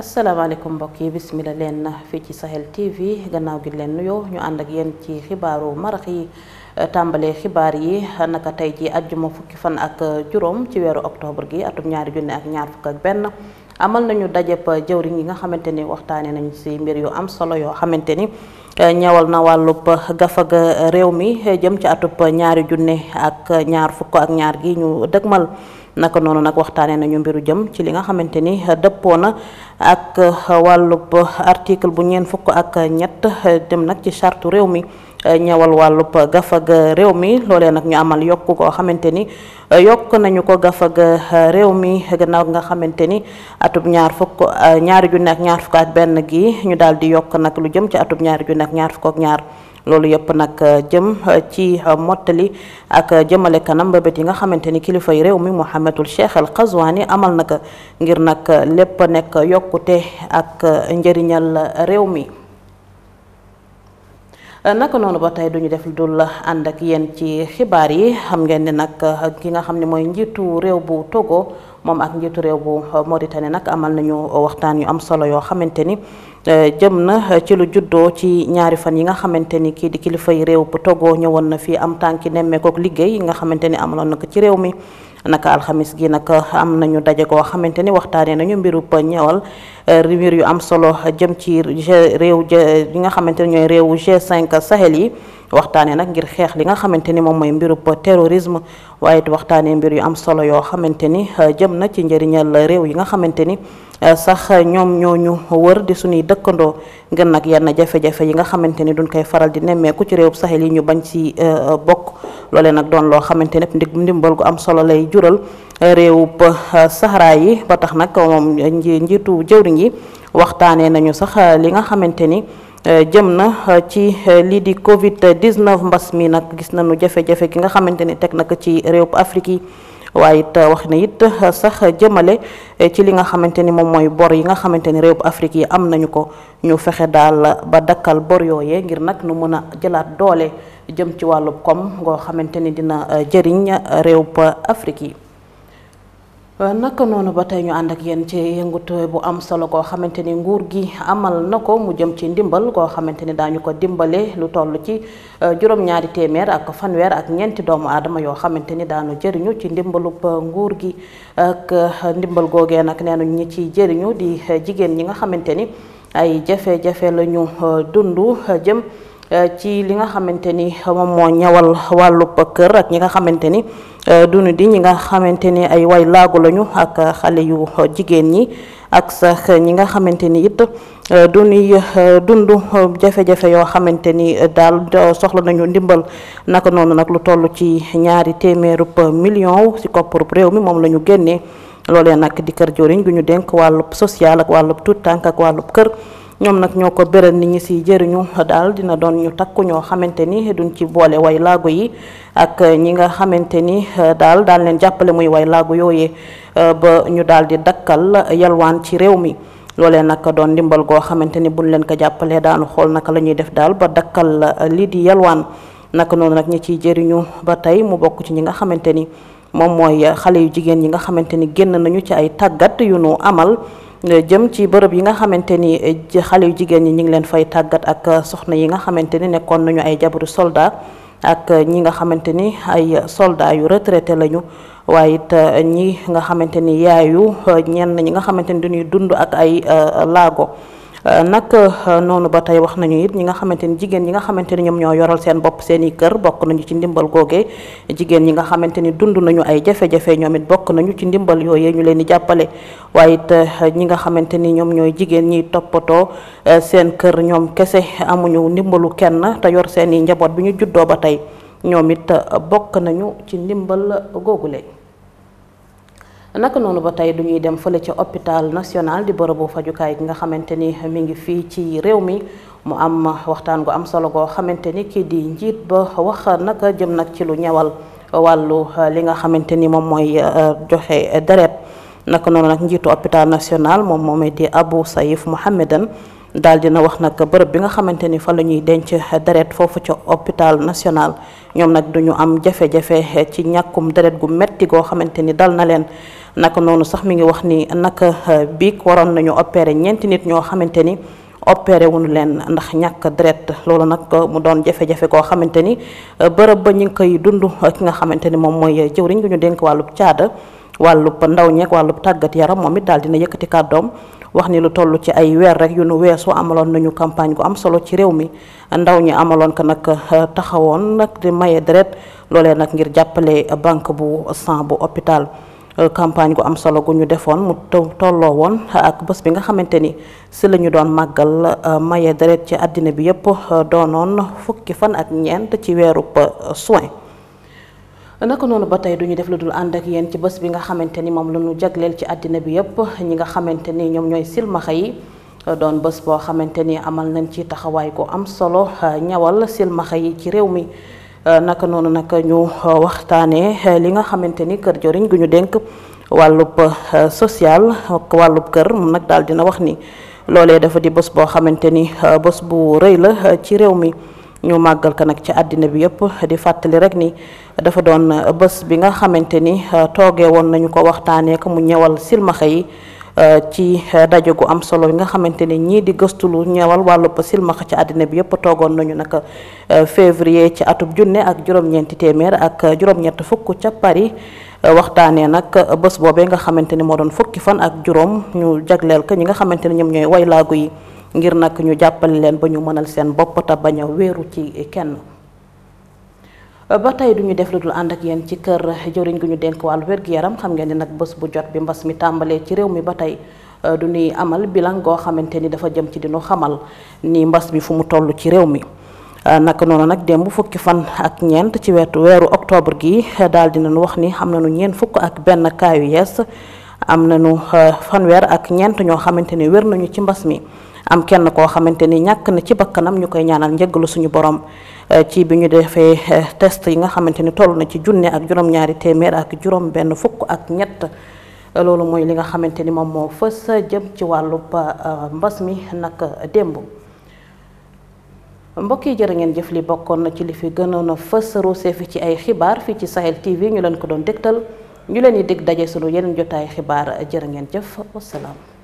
asalaamaaleykum mbokk yi bismillah leen fii ci Sahel TV gannaaw gi leen nuyoo ñu ànd ak yéen ci xibaaru marax yi eh, tàmbalee xibaar yi naka tey ji juma fukki fan ak eh, juróom ci weeru octobre gi atum ñaari junne ñaar fukk ak benn amal nañu dajeb eh, jëwriñ yi nga xamante ni waxtaanee nañu ci mbir yu am solo yoo xamante ni ñëwal na wàllub gafaga réew mi jëm ci atub ñaari junne ak ñaar fukk ak ñaar gi ñu dëgmal. naka noonu nag waxtaanee nañu mbiru jëm ci li nga xamante ni dëppoo na ak wàllub article bu ñeen fukk ak ñett dem nag ci charte réew mi ñëwal wàllub gafag réew mi loolee nag ñu amal yokk koo xamante ni yokk nañu ko gafag réew mi gannaaw nga xamante ni atub ñaar fukk ñaari junne ak ñaar fukk benn gi ñu daal di yokk nag lu jëm ci atub ñaari junne ak ñaar fukk ak ñaar loolu yëpp nag euh, jëm euh, ci euh, mottali ak jëmale kanam mbébét yi nga xamante ni kilifa réew mi Mouhamadul Cheikh El Qazouani amal na ko ngir nag lépp nekk yokkute ak njëriñal réew mi. naka noonu ba tey duñu def dul ànd ak yéen ci xibaar yi xam ngeen ne nag ki nga xam ne mooy njiitu réew bu Togo moom ak njiitu réew bu Mauritanie nag amal nañu waxtaan yu am solo yoo xamante ni. Eh, jëm na eh, ci lu juddoo ci ñaari fan yi nga xamante ni kii di kilifay réew bu Togo ñëwoon na fii am tànki nemmeekook liggéey yi nga xamante ni am amaloon na ko ci réew mi naka alxamis gi nag eh, am nañu daje koo xamante ni waxtaanee nañu mbiru ñëwal mbir yu am solo jëm ci réew yi nga xamante ni ñooy réewu g cinq Sahel yi waxtaanee nag ngir xeex li nga xamante ni moom mooy mbirub terrorisme waaye it waxtaanee mbir yu am solo yoo xamante ni euh, jëm na ci njëriñal réew yi nga xamante ni euh, sax ñoom ñoo ñu wër di suñuy dëkkandoo gën nag yenn jafe yi nga xamante ni duñ koy faral di nemmeeku ci réewub Sahel yi ñu bañ ci euh, bokk loolee nag doon loo xamante ne ndig ndimbal gu am solo lay jural réewub Sahara yi ba tax nag moom njiitu jëwriñ yi waxtaanee nañu sax li nga xamante ni Eh, jëm na eh, ci eh, lii di Covid 19 mbas mi nag gis na nañu jafe-jafe ki nga xamante ni teg nag ci réew Afrique yi. waaye it wax na it sax jëmale ci li nga xamante ni moom mooy bor yi nga xamante ni réew Afrique yi am nañu ko ñu fexe daal ba dakkal bor yooyee ngir nag nu mën a jëlaat doole jëm ci wàllu koom ngoo xamante ni dina jëriñ réew Afrique yi. Euh, naka noonu ba tey ñu ànd ak yéen ci yëngutu bu am solo koo xamante ni nguur gi amal na ko mu jëm ci ndimbal koo xamante ni daañu ko dimbale lu toll ci euh, juróom-ñaari téeméer ak fanweer ak ñeenti doomu aadama yoo xamante ni daanu jëriñu ci ndimbalub nguur gi ak euh, ndimbal googee nag nee nañ ñi ciy jëriñu di jigéen ñi nga xamante ni ay jafe-jafe la ñu dund jëm ci li nga xamante ni moom moo ñawal wàllub kër ak ñi nga xamante ni euh, dunu di ñi nga xamante ni ay way laagu lañu ak xale yu jigéen ñi ak sax ñi nga xamante ni it euh, dunuy euh, dund jafe-jafe yoo xamante ni daal soxla nañu ndimbal naka noonu nag lu toll ci ñaari téeméerub million ci kopparub réew mi moom la ñu génnee loolee nag di kër joriñ gu ñu dénk wàllub social ak wàllub tuut tànk ak wàllub kër ñoom nag ñoo ko bëral ni ñi si jëriñu daal dina doon ñu takku ñoo xamante ni duñ ci boole way laago yi ak ñi nga xamante ni eh, daal daal leen jàppale muy way laago yooyee eh, ba ñu daal di dakkal yalwaan ci réew mi loolee nag doon ndimbal goo xamante ni buñ leen ko jàppalee daanu xool naka la ñuy def daal ba dakkal eh, lii di yalwaan naka noonu nag ñi ciy jëriñu ba tey mu bokk ci ñi nga xamante ni moom mooy xale yu jigéen ñi nga xamante ni génn nañu ci ay tàggat yu nu amal jëm ci bërëb yi nga xamante ni eh, xale yu jigéen ñi ñu ngi leen fay tàggat ak eh, soxna yi nga xamante ni nekkoon nañu ay jabaru soldat ak eh, ñi nga xamante ni ay soldat yu retraité lañu waaye it ñi nga xamante ni yaayu ñenn ñi nga xamante ni dañuy dund ak ay laago. Euh, nag euh, noonu ba tey wax nañu it ñi nga xamante ni jigéen ñi nga xamante ni ñoom ñoo yoral seen bopp seeni kër bokk nañu ci ndimbal googee jigéen ñi nga xamante ni dund nañu ay jafe ñoom it bokk nañu ci ndimbal yooyee ñu leen di jàppale waaye euh, ñi nga xamante ni ñoom ñooy jigéen ñi toppatoo seen kër ñoom kese amuñu ndimbalu kenn te yor seen i njaboot bi ñu juddoo ba tey ñoom it bokk nañu ci ndimbal googule naka noonu ba tey du ñuy dem fële ca hôpital national di bërëbu fajukaay gi nga xamante ni mi ngi fii ci réew mi mu am waxtaan gu am solo goo xamante ni kii di njiit ba wax naka nag ci lu ñewal wàllu uh, li nga xamante ni moom mooy uh, uh, joxe deret naka noonu nag njiitu hôpital national moom moomee di Abou Saïf Mohamedan daal dina wax nag bërëb bi nga xamante ni fa la ñuy denc deret foofu ca hôpital national ñoom nag duñu am jafe-jafe ci ñàkkum deret gu metti goo xamante ni dal na leen naka noonu sax mi ngi wax ni naka euh, biig waroon nañu opéré ñeenti nit ñoo xamante ni opéré wuñu leen ndax ñàkk deret loolu nag euh, mu doon jafe-jafe koo xamante ni euh, bërëb ba ñu ngi koy dund ki nga xamante ni moom mooy jëwriñ gi ñu denk wàllu caada wàllu ndaw ñeek wàllu tàggat yaram moom it daal dina yëkkati kàddoom wax ni lu toll ci ay weer rek yu nu weesu amaloon nañu campagne gu am solo ci réew mi ndaw ñi amaloon ko nag taxawoon nag di maye deret loolee nag ngir jàppale banque bu sang bu hôpital Euh, campagne gu am solo gu ñu defoon mu tolloo woon ak bés bi nga xamante ni si lañu doon màggal euh, maye deret ci àddina bi yépp euh, doonoon fukki fan ak ñeent ci weerub soin naka noonu ba tey du ñu def lu dul ànd ak yéen ci bés bi nga xamante ni moom la ñu jagleel ci àddina bi yépp ñi nga xamante ni ñoom ñooy silmaxa yi doon bés boo xamante ni amal nañ ci taxawaay gu am solo ñawal silmaxa yi ci réew mi Euh, naka noonu nag ñu euh, waxtaanee euh, li nga xamante ni kër joriñ gu ñu dénk wàllub social wàllub kër moom nag daal dina wax ni loole dafa di bës boo xamante ni bës bu rëy la ci réew mi ñu màggal ko nag ci àddina bi yëpp di fàttali rek ni dafa doon bës bi nga xamante ni tooge woon nañu ko waxtaanee ko mu ñëwal silmaxa yi ci daje gu am solo yi nga xamante ne ñii di gëstu lu ñëwal wàllub silmaxa ci àddina bi yëpp toogoon nañu nag e, février ci atub junne ak juróom-ñeenti téeméer ak juróom-ñett fukk ca Paris. E, waxtaanee nag bés boobee nga xamante ni moo doon fukki fan ak juróom ñu jagleel ko ñi nga xamante ne ñoom ñooy waylaagu yi ngir nag ñu jàppale leen ba ñu mënal seen bopp te bañ a wéeru ci kenn. ba tey du ñu def lu dul ànd ak yéen ci kër jëwriñ gu ñu denk wàll wér-gu-yaram xam ngeen ni nag bés bu jot bi mbas mi tàmbalee ci réew mi ba tey euh, du amal bilan goo xamante ni dafa jëm ci dinu xamal ni mbas mi fu mu toll ci réew mi euh, naka noonu nag dem démb fukki fan ak ñeent ci wetu weeru octobre gi daal dinañu wax ni na nañu ñeent fukk ak benn kaayu yu yees am nañu euh, fanweer ak ñeent ñoo xamante ni wér nañu ci mbas mi am kenn koo xamante ni ñàkk na ci bakkanam ñu koy ñaanal njëggalu suñu borom eh, ci bi ñu defee eh, test yi nga xamante ni toll na ci junne ak juróom-ñaari téeméer ak juróom benn fukk ak ñett eh, loolu mooy li nga xamante ni moom moo fës jëm ci wàllu mbas mi nag démb mbokk yi jërë ngeen jëf li bokkoon na ci li fi gënoon a fës roose fi ci ay xibaar fii ci Sahel TV ñu leen ko doon dégtal ñu leen di dig daje sunu yenn jotaay xibaar jërë ngeen jëf wasalaam